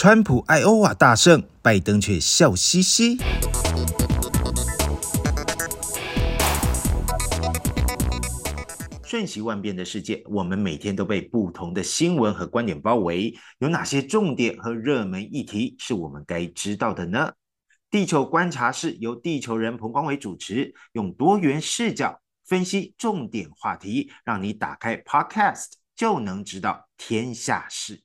川普愛荷華大勝，拜登卻笑嘻嘻。瞬息萬變的世界，我們每天都被不同的新聞和觀點包圍。有哪些重點和熱門議題是我們該知道的呢？地球觀察室由地球人彭光偉主持，用多元視角分析重點話題，讓你打開 Podcast 就能知道天下事。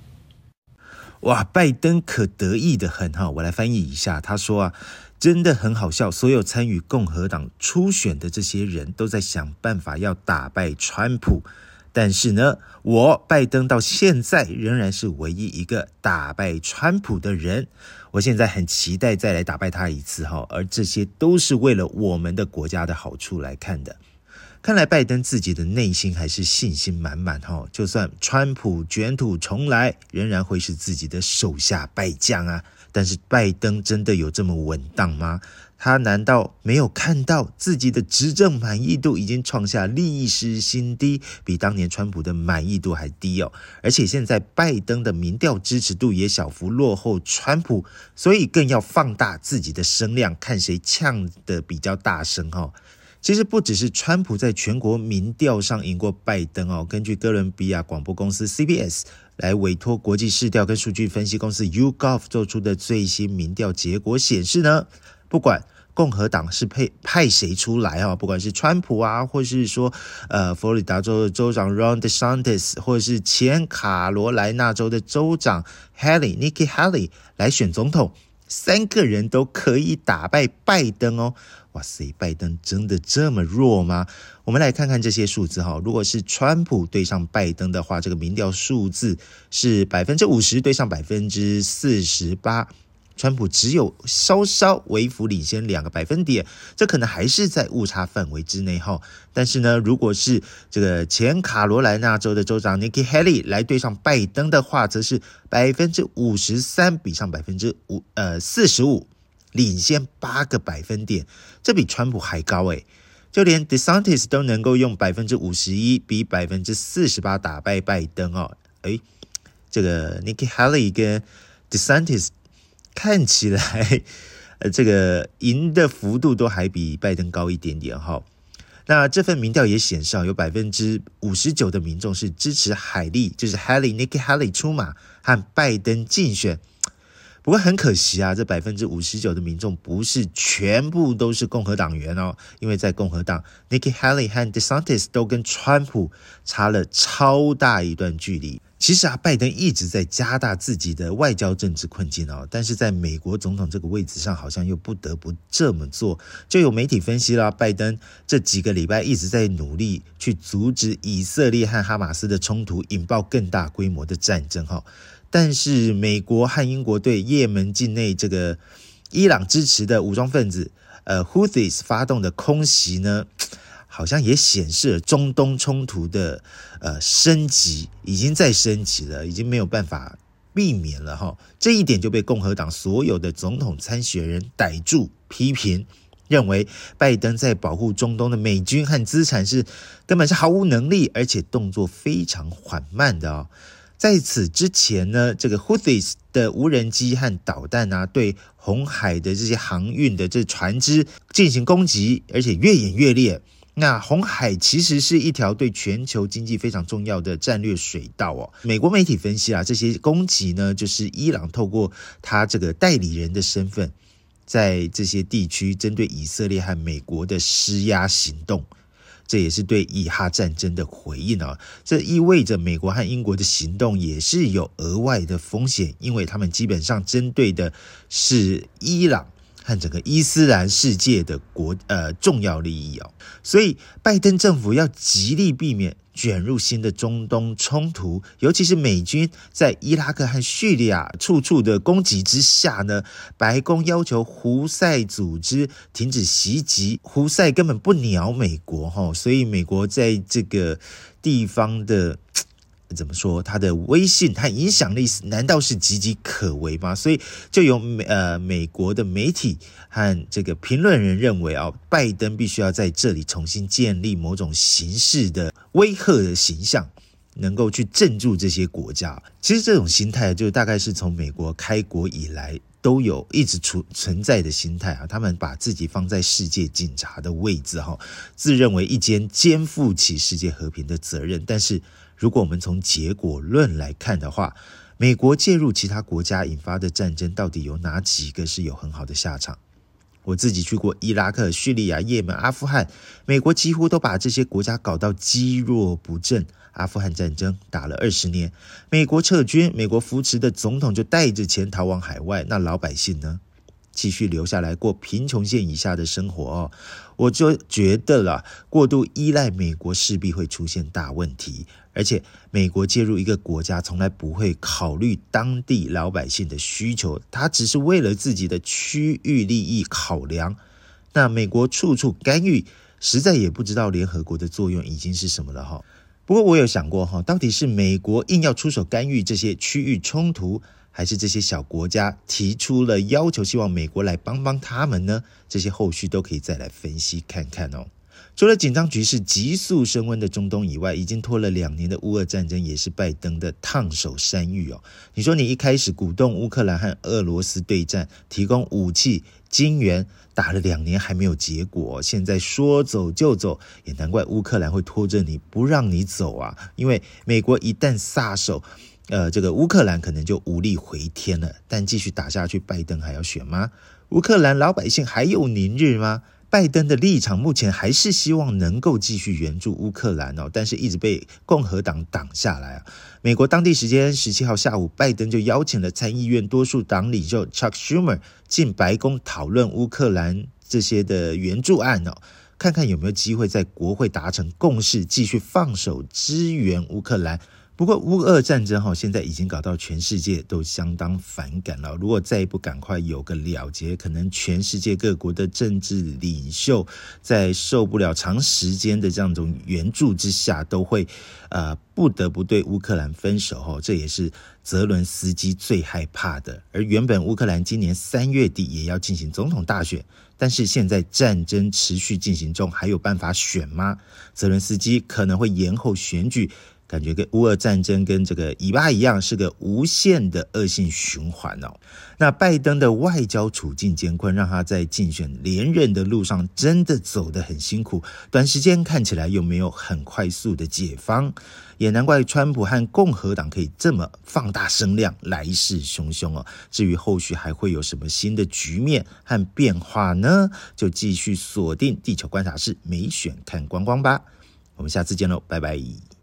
哇，拜登可得意的很哈！我來翻譯一下，他說啊，真的很好笑，所有參與共和黨初選的這些人都在想辦法要打敗川普，但是呢，我拜登到現在仍然是唯一一個打敗川普的人。我現在很期待再來打敗他一次哈，而這些都是為了我們的國家的好處來看的。看來拜登自己的內心還是信心滿滿哈，就算川普捲土重來，仍然會是自己的手下敗將啊。但是拜登真的有這麼穩當嗎？他難道沒有看到自己的執政滿意度已經創下歷史新低，比當年川普的滿意度還低哦？而且現在拜登的民調支持度也小幅落後川普，所以更要放大自己的聲量，看誰嗆得比較大聲哈。其實不只是川普在全國民調上贏過拜登哦。根據哥倫比亞廣播公司 CBS 來委托國際市調跟數據分析公司 YouGov 做出的最新民調結果顯示呢，不管共和黨是派派誰出來哦，不管是川普啊，或是說呃佛羅里達州的州長 Ron DeSantis，或者是前卡羅萊納州的州長 Haley Nikki Haley 來選總統，三個人都可以打敗拜登哦。哇塞，拜登真的這麼弱嗎？我們來看看這些數字哈。如果是川普對上拜登的話，這個民調數字是百分之五十對上百分之四十八，川普只有稍稍微幅領先兩個百分點，這可能還是在誤差範圍之內哈。但是呢，如果是這個前卡羅來納州的州長 Nikki Haley 來對上拜登的話，則是百分之五十三比上百分之五呃四十五。領先八個百分點，這比川普還高誒，就連 DeSantis 都能夠用百分之五十一比百分之四十八打敗拜登哦，誒，這個 Nikki Haley 跟 DeSantis 看起來，呃，這個贏的幅度都還比拜登高一點點哈、哦。那這份民調也顯示有59，有百分之五十九的民眾是支持海莉，就是 Haley Nikki Haley 出馬和拜登競選。不過很可惜啊，這百分之五十九的民眾不是全部都是共和黨員哦，因為在共和黨，Nikki Haley 和 DeSantis 都跟川普差了超大一段距離。其實啊，拜登一直在加大自己的外交政治困境哦，但是在美國總統這個位置上，好像又不得不這麼做。就有媒體分析啦，拜登這幾個禮拜一直在努力去阻止以色列和哈馬斯的衝突引爆更大規模的戰爭哈，但是美國和英國對葉門境內這個伊朗支持的武裝分子呃 Houthis 發動的空襲呢，好像也顯示了中東衝突的呃升級，已經在升級了，已經沒有辦法避免了哈。這一點就被共和黨所有的總統參選人逮住批評，認為拜登在保護中東的美軍和資產是根本是毫無能力，而且動作非常緩慢的哦。在此之前呢，這個 Huthis 的無人機和導彈啊，對紅海的這些航運的這船隻進行攻擊，而且越演越烈。那紅海其實是一條對全球經濟非常重要的戰略水道哦。美國媒體分析啊，這些攻擊呢，就是伊朗透過他這個代理人的身份，在這些地區針對以色列和美國的施壓行動，這也是對以哈戰爭的回應哦、啊。這意味着美國和英國的行動也是有額外的風險，因為他們基本上針對的是伊朗。和整個伊斯蘭世界的國呃重要利益哦，所以拜登政府要極力避免捲入新的中東衝突，尤其是美軍在伊拉克和敘利亞處處的攻擊之下呢，白宮要求胡塞組織停止襲擊。胡塞根本不鳥美國哈、哦，所以美國在這個地方的。怎麼說？他的威信和影響力難道是岌岌可危嗎？所以就有美呃美國的媒體和這個評論人認為啊、哦，拜登必須要在這裡重新建立某種形式的威嚇的形象，能夠去鎮住這些國家。其實這種心態就大概是從美國開國以來都有一直存存在的心態啊，他們把自己放在世界警察的位置哈、哦，自認為一肩肩負起世界和平的責任，但是。如果我們從結果論來看的話，美國介入其他國家引發的戰爭，到底有哪幾個是有很好的下場？我自己去過伊拉克、敘利亞、葉門、阿富汗，美國幾乎都把這些國家搞到積弱不振。阿富汗戰爭打了二十年，美國撤軍，美國扶持的總統就帶着錢逃往海外，那老百姓呢？繼續留下來過貧窮線以下的生活哦，我就覺得了，過度依賴美國勢必會出現大問題，而且美國介入一個國家從來不會考慮當地老百姓的需求，他只是為了自己的區域利益考量。那美國處處干預，實在也不知道聯合國的作用已經是什麼了哈。不過我有想過哈，到底是美國硬要出手干預這些區域衝突？還是這些小國家提出了要求，希望美國來幫幫他們呢？這些後續都可以再來分析看看哦。除了緊張局勢急速升溫的中東以外，已經拖了兩年的烏俄戰爭也是拜登的燙手山芋哦。你說你一開始鼓動烏克蘭和俄羅斯對戰，提供武器、金援，打了兩年還沒有結果哦，現在說走就走，也難怪烏克蘭會拖着你不讓你走啊，因為美國一旦撒手。呃，這個烏克蘭可能就無力回天了。但繼續打下去，拜登還要選嗎？烏克蘭老百姓還有寧日嗎？拜登的立場目前還是希望能夠繼續援助烏克蘭哦，但是一直被共和黨擋下來啊。美國當地時間十七號下午，拜登就邀請了參議院多數黨領袖 Chuck Schumer 進白宮討論烏克蘭這些的援助案哦，看看有沒有機會在國會達成共識，繼續放手支援烏克蘭。不過，烏俄戰爭哈、哦，現在已經搞到全世界都相當反感了。如果再不趕快有個了結，可能全世界各國的政治領袖在受不了長時間的這樣種援助之下，都會呃不得不對烏克蘭分手、哦。哈，這也是澤倫斯基最害怕的。而原本烏克蘭今年三月底也要進行總統大選，但是現在戰爭持續進行中，還有辦法選嗎？澤倫斯基可能會延後選舉。感覺跟烏俄戰爭跟這個以巴一樣，是個無限的惡性循環哦。那拜登的外交處境艱困，讓他在競選連任的路上真的走得很辛苦。短時間看起來又沒有很快速的解方，也難怪川普和共和黨可以這麼放大聲量，來勢洶洶哦。至於後續還會有什麼新的局面和變化呢？就繼續鎖定地球觀察室，美選看光光吧。我們下次見嘍，拜拜。